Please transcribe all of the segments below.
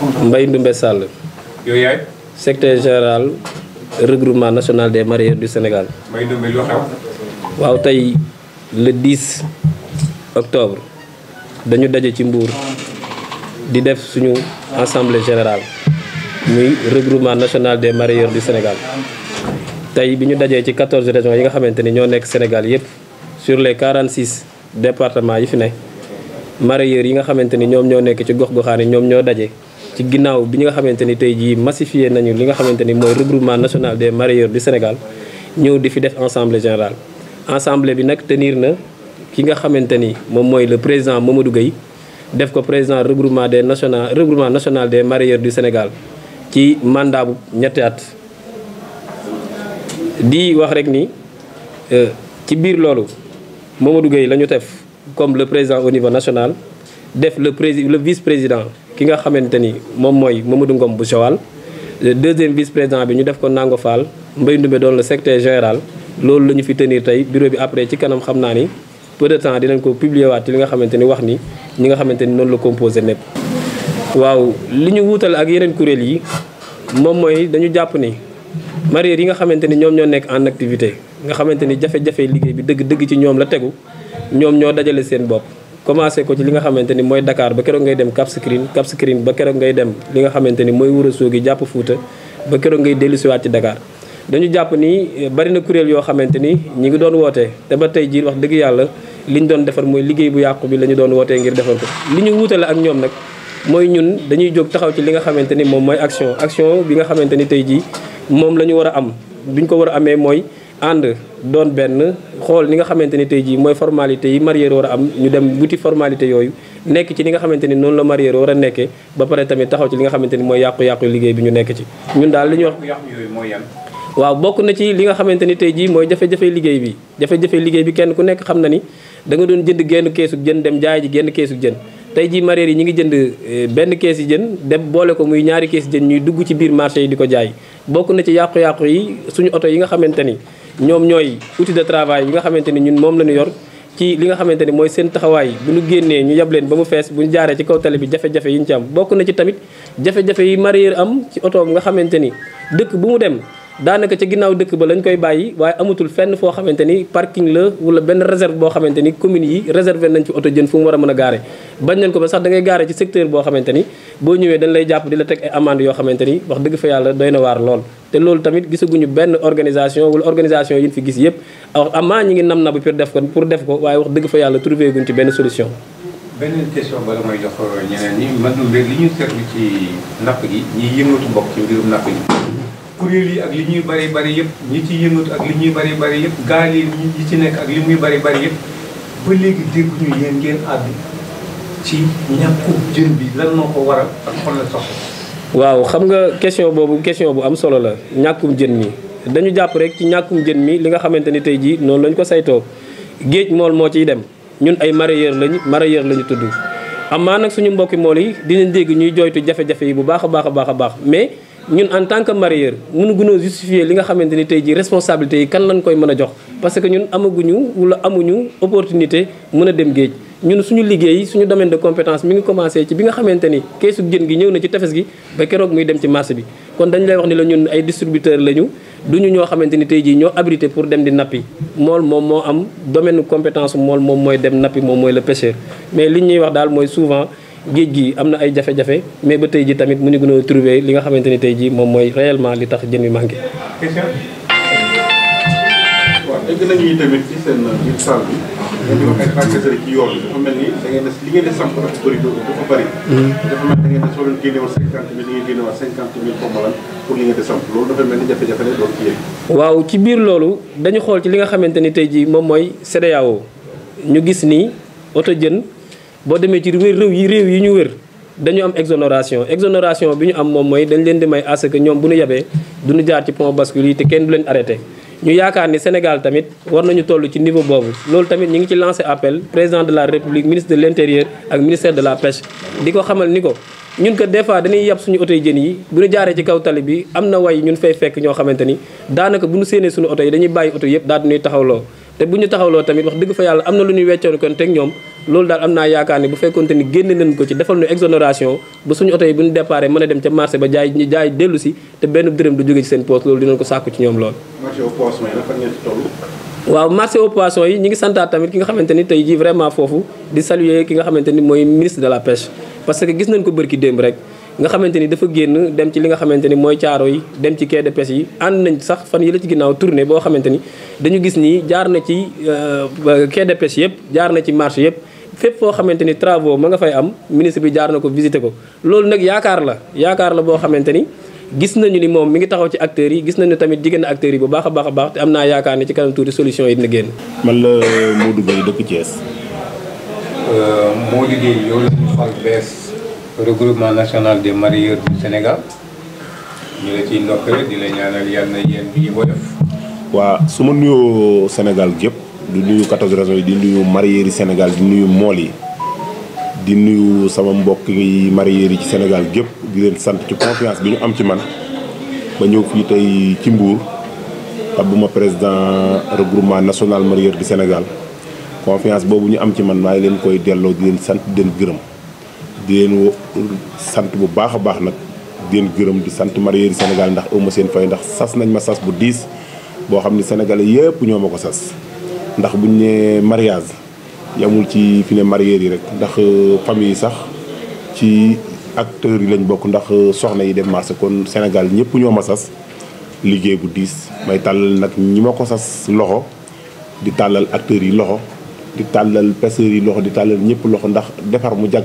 Mbaye Ndoumbé Sall yo yaay secrétaire général regroupement national des mariés du Sénégal Mbaye Ndoumbé lo xew waaw tay le 10 octobre dañu dajé ci Mbour di def suñu assemblée générale muy regroupement national des mariés du Sénégal tay biñu dajé ci 14 régions yi nga xamanteni ño nek Sénégal yépp sur les 46 départements yi fi ne mariés yi nga xamanteni ñom ño nek ci gox goxani ñom ño dajé daje ci ginnaaw bi nga xamanteni ni tey jii nañu li nga xamanteni moy regroupement national des marieurs du Sénégal ñeu di fi def assemblée générale. assemblée bi nak tenir na ki nga xamanteni mom moy le président Mamadou Gueye def ko président regroupement des national regroupement national des marieurs du Sénégal ci mandat bu ñetti at. di wax rek ni euh, ci biir lolu Mamadou Gueye lañu def comme le président au niveau national def le président le vice président. ki nga xamante ni moom mooy Mamadou Ngom bu Joal deuxième vice président bi ñu def ko Nango Fall Mbaye Ndumbe doon la secrétaire général loolu la ñu fi tenir tey bureau bi après ci kanam xam naa ni peut de temps dinañ ko publier waat ci li nga xamante ni wax ni ñi nga xamante ni noonu la composé nekk. waaw li ñu wuutale ak yeneen kuréel yi moom mooy dañu jàpp ni mareyeurs yi nga xamante ni ñoom ñoo nekk en activité nga xamante ni jafe-jafe liggéey bi dëgg-dëgg ci ñoom la tegu ñoom ñoo dajale seen bopp. commencé ko ci li nga xamante ni mooy dakaar ba keroog ngay dem Cap Skirring Cap Skirring ba keroog ngay dem li nga xamante ni mooy Ourossogui jàpp Fuuta ba keroog ngay dellusiwaat ci dakaar dañu jàpp ni eh, bari na kuréel yoo xamante ni ñi ngi doon wootee te ba tey jii wax dëgg yàlla li ñu doon defar mooy liggéey bu yàqu bi la ñu doon wootee ngir defar ko li ñu wuutale ak ñoom nag mooy ñun dañuy jóg taxaw ci li nga xamante ni moom mooy action action bi nga xamante ni tey jii moom la ñu war a am bi ñu ko war a amee mooy ànd doon benn xool ni nga xamante ni tey jii mooy formalité yi marié war a am ñu dem wuti formalité yooyu nekk ci li nga xamante ni noonu la marié war a nekkee ba pare tamit taxaw ci li nga xamante ni mooy yàqu-yàqu liggéey bi ñu nekk ci ñun daal li ñuy wax waaw bokk na ci li nga xamante ni tey jii mooy jafe-jafe liggéey bi jafe-jafe liggéey bi kenn ku nekk xam na ni danga doon jënd genn keesu jën dem jaay ji genn keesu jën tey jii mareyeur yi ñu ngi jënd eh, benn kees yi jën dem boole ko muy ñaari kees jën ñuy dugg ci biir marché yi di ko jaay bokk na ci yàqu-yàqu yi suñu oto yi nga xamante ni ñoom ñooy outil de travail yi nga xamante ni ñun moom la ñu yor ci li nga xamante ni mooy seen taxawaay bu ñu génnee ñu yab leen ba mu fees bu ñu jaaree ci kaw tali bi jafe-jafe yi ñu ci am bokk na ci tamit jafe-jafe yi mareyeur am ci oto nga xamante ni dëkk bu mu dem daanaka ca ginnaaw dëkk ba lañ koy bàyyi waaye amatul fenn foo xamante ni parking la wala benn réserve boo xamante ni commune yi réservé nañ ci oto jën fu mu war a mën a gaare bañ nañ ko ba sax da ngay gaare ci secteur boo xamante ni boo ñëwee dañ lay jàpp di la teg ay amende yoo xamante ni wax dëgg fa yàlla doy na waar lool te loolu tamit gisaguñu benn organisation wala organisation yi ñu fi gis yëpp amaa ñi ngi nam na bu pour def ko pour def ko waaye wax dëgg fa yàlla trouvé guñ ci benn solution jox ñeneen ñi man kuréel yi ak li ñuy bari bari yëpp ñi ci yëngatu ak li ñuy bari bari yëpp gaal yi ñi ci nekk ak li muy bari bari yëpp ba léegi dégguñu yéen ngeen àddu ci ñàkku jën bi lan ko waral ak xol la soxla. waaw xam nga question boobu question bu am solo la ñàkkum jën mi dañu jàpp rek ci ñàkkum jën mi li nga xamante ni tey jii noonu lañ ko saytoo géej mool moo ciy dem ñun ay mareyeur lañu mareyeur lañu tudd amaa nag suñu mbokki mool yi dinañ dégg ñuy jooy jafe yi bu baax a baax a baax a baax mais. ñun en tant que mareyeur mënu gunoo li nga xamante ni tey jii responsabilité yi kan lañ koy mën a jox parce que ñun amaguñu wala amuñu opportunité mën a dem géej ñun suñu liggéey suñu domaine de compétence mi ngi commencé ci bi nga xamante ni keesu jën gi ñëw na ci tefes gi ba keroog muy dem ci marché bi kon dañu lay wax ni la ñun ay distributeur lañu ñu ñoo xamante ni tey jii ñoo habilité pour dem di nappi mool moom moo am domaine compétence mool moom mooy dem nappi moom mooy le pêcheur mais li ñuy wax daal mooy souvent géej gi am na ay jafe-jafe mais ba tey ji tamit mu ñu gën a li nga xamante ni tey ji moom mooy réellement li tax jën wi manqué. waaw hmm. waaw ci biir loolu dañu xool ci li nga xamante ni tey jii moom mooy CEDEAO ñu gis nii oto jën boo demee ci réew yi réew yi ñu wër dañu am exonération exonération bi ñu am moom mooy dañ leen di may à que ñoom bu ñu yabee du ñu jaar ci pont bascule yi te kenn du leen arrêté. ñu yaakaar ni Sénégal tamit war nañu toll ci niveau boobu loolu tamit ñu ngi ci lancé appel président de la république ministre de l' intérieur ak ministère de la pêche di ko xamal ni ko. ñun ko des fois dañuy yab suñu oto yi jën yi bu ñu ci kaw tali bi am na way ñun fay fekk ñoo xamante ni daanaka bu ñu séenee suñu oto yi dañuy bàyyi oto yëpp ñuy taxawloo te bu ñu taxawloo tamit wax dëgg yàlla am na lu ñuy weccoon kon teg loolu daal am naa yaakaar ne bu fekkonte ni génne leen ko ci defal ñu exonération ba suñu oto yi bu ñu mën a dem ca marché ba jaay jaay dellu si te benn dërëm du jóge ci seen poos loolu dinañ ko sàkku ci ñoom lool. yi fan waaw marché au yi ñi ngi santaat tamit ki nga xamante ni tey jii vraiment foofu di saluer ki nga xamante ni mooy ministre de la pêche parce que gis nañ ko bërki démb rek nga xamanteni dafa génn dem ci li nga xamanteni moy mooy yi dem ci quai de pêche yi and nañ sax fan yi la ci ginnaaw tourner bo xamanteni dañu gis ni jaar na ci euh, quai de pêche yep jaar na ci marché yep fep fo xamanteni travaux ma nga fay am ministre bi jaar na ko visité ko lolou nak yaakar la yaakar la bo xamanteni ni gis nañu ni mom mi ngi taxaw ci acteur yi gis nañu tamit jigéen acteur yi bu baax a baax amna yaakar ni ci kanam tuuti solution yi dina genn man la Modou Gueye dëkk euh modou bay yo la fal regroupement national des marieurs du Sénégal ñu la ci ndokkale di la ñaanal yalla yeen bi woyof. waa su ma nuyoo Sénégal gépp di nuyu 14 raison di nuyu marieurs du Sénégal di nuyu moli di nuyu sama mbokk yi marieurs yi ci Sénégal gépp di leen sante ci confiance bi ñu am ci man ba ñew fi tay ci Mbour ta buma président regroupement national marieurs du Sénégal confiance bobu ñu am ci man may leen koy delloo di leen sante di leen gërëm. di leen sant bu baax a baax nag di leen gërëm di sant mareyeur Sénégal ndax awma seen fay ndax sas nañ ma sas bu diis boo xam ne sénégalais yëpp ñoo ma ko sas ndax buñ ne mariage yamul ci fi ne yi rek ndax euh, famille yi sax ci acteurs yi lañ bokk ndax euh, soxna yi dem marché kon Sénégal ñëpp ñoo ma sas liggéey bu diis may tàllal nag ñi ma ko sas loxo di tàllal acteurs yi loxo di tàllal pêcheurs yi loxo di tàllal ñëpp loxo ndax defar mu jag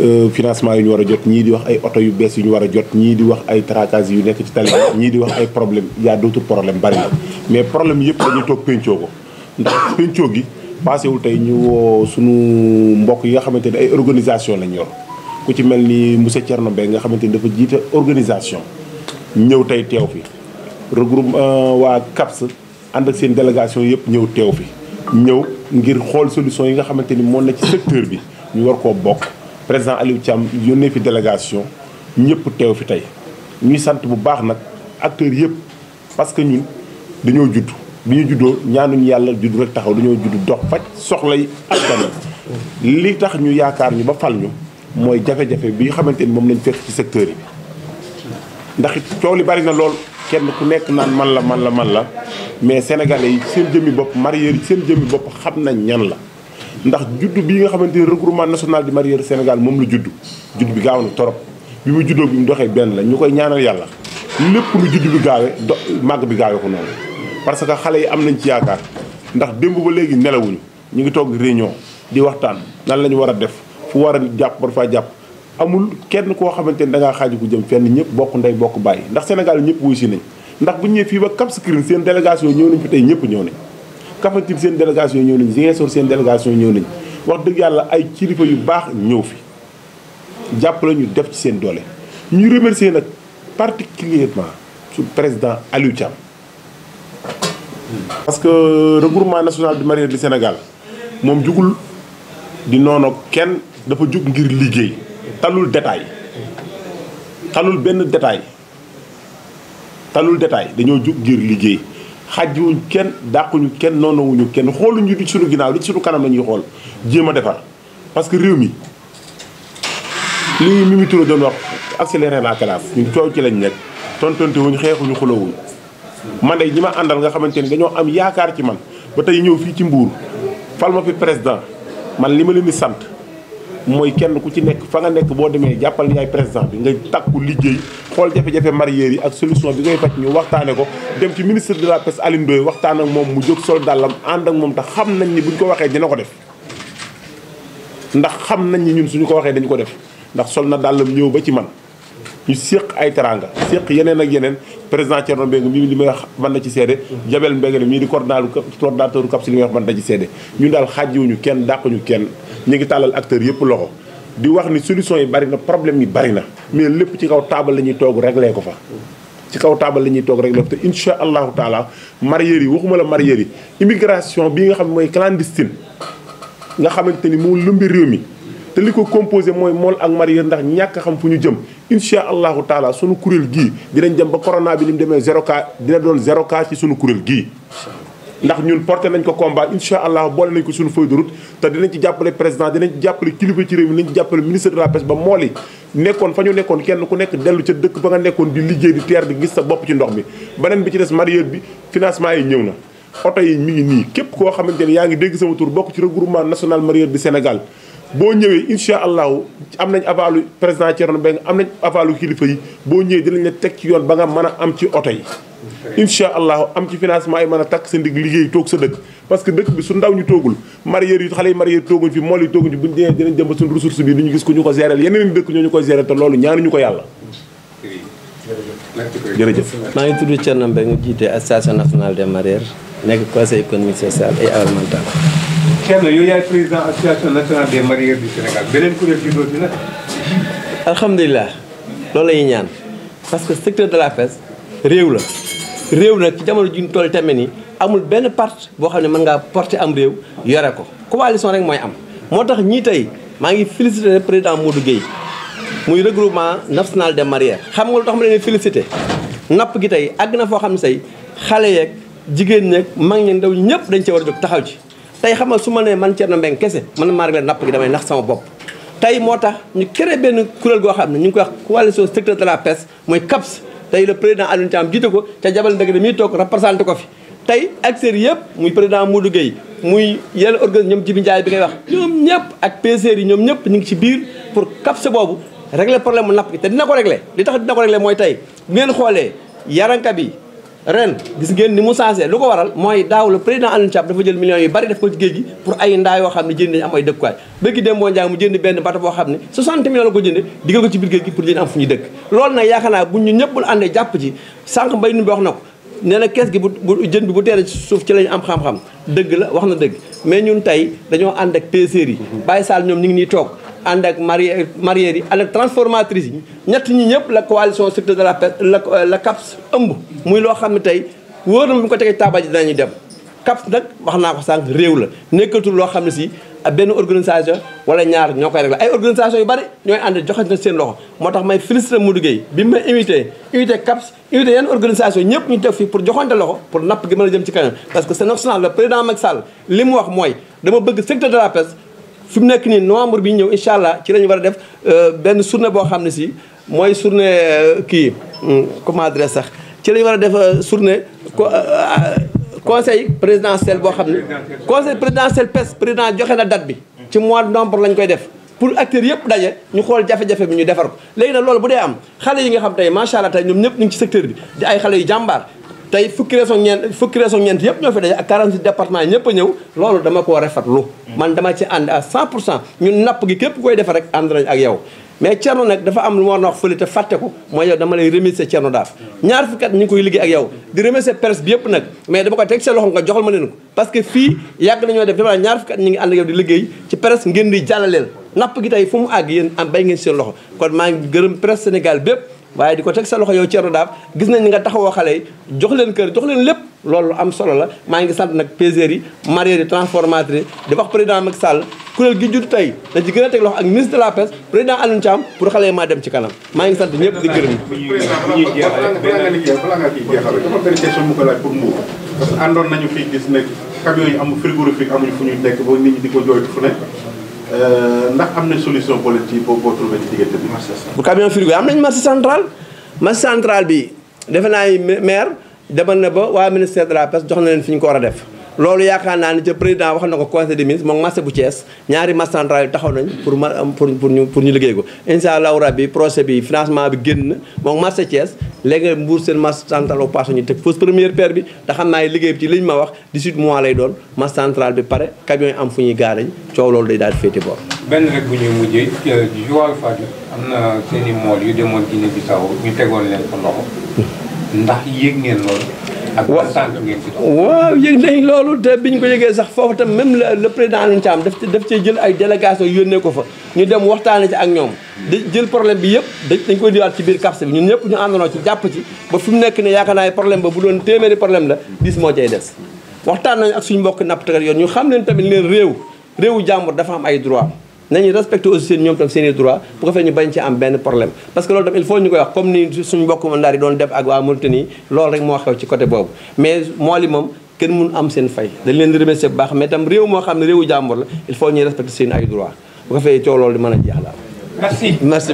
Euh, financement yu ñu war a jot ñii di wax ay oto yu bees yu ñu war a jot ñii di wax ay tracas yu nekk ci tali ñii di wax ay problème y a d'autres problèmes bari na mais problème yëpp dañuy toog péncoo ko ndax péncoo gi paasewul tey ñu woo sunu mbokk yi nga xamante ne ay organisation lañ yor ku ci mel ni monsieur Thierno Mbengue nga xamante ni dafa jiite organisation ñëw tey teew fi regroupe euh, waa CAPS ànd ak seen délégation yëpp ñëw teew fi ñëw ngir xool solution yi nga xamante ni moo na ci secteur bi ñu war koo bokk président Aliou Thiam yónnee fi délégation ñepp téw fi tay ñuy sant bu baax nak acteur yépp parce que ñun dañoo judd bi ñu juddoo ñaanuñu yàlla judd rek taxaw dañoo judd dox faj soxla yi askan li tax ñu yaakaar ñu ba fal ñu mooy jafe-jafe bi nga xamante ni moom lañ fekk ci secteur yi ndax it coow li bari na lool kenn ku nekk naan man la man la man la mais sénégalais yi seen jëmmi bopp mareyeur yi seen jëmmi bopp xam nañ ñan la ndax juddu bi nga xamanteni regroupement national du mareyeurs Sénégal mom la juddu juddu bi gaaw na torop bi mu juddoo bi mu doxee benn la ñu koy ñaanal yàlla lépp lu juddu bi gaawee do màgg bi gaawee ko noonu parce que xale yi am nañ ci yaakaar ndax démb ba léegi nelawuñu ñu ngi toog réunion di waxtaan nan lañu def fu war a jàpp war amul kenn koo xamante ni da ngaa xaaju ko jëm fenn ñëpp bokk nday bokk bàyyi ndax Sénégal ñëpp wuy si nañ ndax bu ñëwee fii ba Cap Skirring seen délégation ñëw nañ fi tey ñëpp ñëw nañ Kafountine seen délégation ñëw nañ Ziguinchor seen délégation ñëw nañ wax dëgg yàlla ay kilifa yu baax ñëw fi jàppale ñu def ci seen doole ñu remercier nag particulièrement su président Aliou parce que regroupement national des marie du Sénégal moom jugul di noono kenn dafa jug ngir liggéey talul détail talul benn détail talul détail dañoo jug ngir liggéey xajjuwuñ kenn dàquñu kenn noonowuñu kenn xooluñu li ci suñu ginnaaw li suñu kanam la ñuy xool jéem a defar parce que réew mi li Mimi Touré doon wax accéléré la classe ñun coow ci lañ nekk tontonte wuñ xeexuñu xulawuñ man de ñi ma àndal nga xamante ni dañoo am yaakaar ci man ba tey ñëw fii ci Mbour fal ma fi président man li ma leen di sant mooy kenn ku ci nekk fa nga nekk boo demee jàppal ni yaay président bi nga takku liggéey xool jafe-jafe mareyeurs yi ak solution bi koy faj ñu waxtaane ko dem ci ministre de la pêche Alioune Ndoye waxtaan ak moom mu jóg sol dàllam ànd ak moom te xam nañ ni buñ ko waxee dina ko xam nañ ni ñun suñu ko waxee dañu ko def ndax sol na dàllam ñëw ba ci man ñu séq ay teranga séq yeneen ak yeneen président Thierno Mbengue mii li may wax man na ci seede Jabel Mbengue mii di coordonnateur coordonnateur CAPS li may wax man na ci seede ñun daal xàjjiwuñu kenn dàquñu kenn ñu ngi tàllal yëpp loxo di wax ni solution yi bari na problème yi bari na mais lépp ci kaw taabal la ñuy toog réglé ko fa ci kaw taabal la ñuy toog réglé ko te insha allahu taala mareyeurs yi waxuma la mareyeurs yi immigration bi nga xam ne mooy clandestine nga xamante ni moo lumbi réew mi te li ko composé mooy mool ak mareyeur ndax ñàkk xam fu ñu jëm insha allahu taala sunu kuréel gii dinañ dem ba corona bi ni mu demee zéro cas dina doon zéro cas ci sunu kuréel gii ndax ñun porté nañ ko combat incha allah boole nañ ko suñu feuille te dinañ ci jàppale président dinañ ci jàppale kilifa ci réew mi dinañ ci jàppale ministre de la pêche ba mool nekkoon fa ñu nekkoon kenn ku nekk dellu ca dëkk ba nga nekkoon di liggéey di teer di gis sa bopp ci ndox mi beneen bi ci des mareyeur bi financement yi ñëw na oto yi mi ngi nii képp koo xamante ne yaa ngi dégg sama tur bokk ci regroupement national mareyeur bi Sénégal boo ñëwee incha allahu am nañ avalu président Thierno Mbengue am nañ avalu kilifa yi boo ñëwee dinañ la teg ci yoon ba nga mën a am ci oto yi. incha allahu am ci financement yi mën a takk sa ndig liggéey toog sa dëkk. parce que dëkk bi su ndaw ñu toogul mareyeur yi xale yi mareyeur tooguñ fi mool yi tooguñ fi buñ demee dinañ jëm suñu ressource bi ni ñu gis ko ñu ko gérer yeneen dëkk ñoo ñu ko gérer te loolu ñaanuñu ko yàlla. jërëjëf. maa ngi tudd Thierno Mbengue jiite association nationale des mareyeurs nekk conseil économique social et environnemental Thierno yow yaay président association nationale des mareyeurs du Sénégal beneen kuréel gi dootu nag. alhamdulilah loolu la ñaan parce que secteur de la pêche réew la réew nag ci jamono ji tool toll tamit ni amul benn part boo xam ne mën ngaa porter am réew yore ko coalition rek mooy am. moo tax ñii tey maa ngi félicité président Modou Guèye muy regroupement national de mareyeurs xam nga lu tax ma leen félicité napp gi tey àgg na foo xam ne say xale yeeg jigéen ñeeg mag ñeeg ndaw ñëpp dañ cee war taxaw ci. tey xam nga su ma nee man Thierno Mbengue kese man maa réglé napp gi damay nax sama bopp tey moo tax ñu kere benn kuréel goo xam ne ñu ngi koy wax coalition secteur de la pes mooy CAPS tey le président Alioune Thiam jiite ko te Jabal Mbengue mii toog représenté ko fi tey acteurs yëpp muy président Modou Gueye muy yenn organisme ñoom Jibi Ndiaye bi kay wax ñoom ñëpp ak pêcheurs yi ñoom ñëpp ñu ngi ci biir pour CAPS boobu régler problème mu napp gi te dina ko régler li tax dina ko régler mooy tey bu xoolee yaranka bi ren gis ngeen ni mu changé lu ko waral mooy daaw la président Alioune Thiam dafa jël millions yi bari def ko ci géej gi pour ay ndaa yoo xam ne jënd nañu am ay dëkkuwaay mu jënd benn bato boo xam ne 60 millions la ko jënde digga ko ci biir géej gi pour jënd am fu ñu dëkk loolu nag yaakaar naa bu ñu ñëpp lu àndee jàpp ci sànq mbay nu bi wax na ko nee na kees gi bu bu jën bi bu teere ci suuf ci lañu am xam-xam dëgg la wax na dëgg mais ñun tey dañoo ànd ak pêcheurs yi bàyyi saal ñoom ñu ngi nii toog ànd ak mari mareyeurs yi ànd ak transformatrice yi ñett ñi ñëpp la coalition secteur de la pêche la la CAPS ëmb. muy loo xam ne tey wóor na bu ñu ko tegee taabal ji dinañu dem CAPS nag wax naa ko sànq réew la nekkatul loo xam ne si benn organisation wala ñaar ñoo koy réglé ay organisation yu bari ñooy ànd joxe na seen loxo. moo tax may félicité Modou Gueye bi ma invité invité CAPS invité yenn organisation ñëpp ñu teg fii pour joxante loxo pour napp gi mën a kanam parce que c'est national le président Macky li mu wax mooy dama bëgg secteur fi nekk nii novembre bi ñëw incha allah ci lañu war a def euh, benn journée boo xam ne si mooy journée euh, kii hmm, comment dire sax ci lañu war a def euh, journée conseil présidentiel boo xam ne. conseil présidentiel PES président joxe na date bi. ci mois de novembre lañ koy def. pour acteur yëpp daje ñu xool jafe-jafe bi ñu defar ko léegi nag loolu bu dee am xale yi nga xam tey macha allah tey ñoom ñëpp ñu ci secteur bi di ay xale yu jàmbaar. tay fukki région ñen fukki région ñeent yépp ñofi dajé daje ak 46 département ñëpp ñew loolu dama koo rafetlu man dama ci and à 100 ñun nap gi képp koy defar rek and nañ ak yow mais Thierno nak dafa am lu mo wax fële te fàtte ko mooy yow dama lay remercier Thierno daf ñaar fukki kat ñi koy liggé ak yow di remercier presse bi yépp nak mais dama ko teg ci loxo nga joxal ma leen ko parce que fi yag nañu def dafa ñaar fukki kat ñi ngi and ak yow di liggéey ci presse ngeen di jallalel nap gi tay fu mu ag yeen am bay ngeen ci loxo kon ma ngi gërëm presse Sénégal bépp waaye di ko teg sa loxo yow Thierno Daaf gis nañ nga taxawoo xale yi jox leen kër jox leen lépp loolu am solo la maa ngi sant nag pêcheurs yi mareyeurs yi transformateurs yi di wax président Macky Sall kuréel gi ju tey da ci gën a teg loxo ak ministre de la pêche président Alioune Thiam pour xale yi maa dem ci kanam maa ngi sant ñëpp di gërëm. parce que àndoon nañu fii amuñu fu ñuy nekk ba nit ñi di ko jooytu fu nekk Euh, ndax am na solution politique boo boo trouvé ci diggante bi. bu camion frigo am nañ marché central. marché central bi defe naa maire demal na ba waa ministère de la pêche jox na leen fi ñu ko war a def. loolu yaakaar naa ne ca président wax na ko conseil des ministres moom marché bu Thiès ñaari marché central yi taxaw nañ pour ma pour pour ñu pour ñu liggéey ko incha allahu rabbi projet bi financement bi génn moom marché Thiès léegi mbuur seen marché central au passé ñu teg fausse première pierre bi te xam naa liggéey bi ci li ñu ma wax 18 mois lay doon marché central bi pare camion yi am fu ñuy gaarañ coow loolu day daal di féete boor benn rek bu ñuy mujjee Joal Fadiouth am na seen i mool yu demoon Guinée Bissau ko loxo hmm. ndax ak waaw yëg nañ loolu te ñu ko yëgee sax foofu tam même le président Alioune Thiam daf daf cee jël ay délégation yónnee ko fa ñu dem waxtaane ci ak ñoom da jël problème bi yëpp dañ koy diwaat ci biir CAPS bi ñun ñëpp ñu àndandoo ci jàpp ci ba fi mu nekk ne yaakaar naa problème ba bu doon téeméeri problème la dis moo cay des waxtaan nañ ak mbokki mbokk nappkat yoon ñu xam leen tamit leen réew réewu jàmbur dafa am ay droit nañu respecté aussi seen ñoom tam seen i droit bu ko fee ñu bañ ci am benn problème parce que loolu tam il faut ñu koy wax comme ni suñu mbokk mandaar yi doon def ak waa Mauritanie loolu rek moo xew ci côté boobu mais mool yi moom kenn mun am seen fay dañ leen di remercier bu baax mais tam réew moo xam ne réewu jàmbur la il faut ñuy respecté seen ay droit bu ko fee coow loolu di mën a jeex la merci merci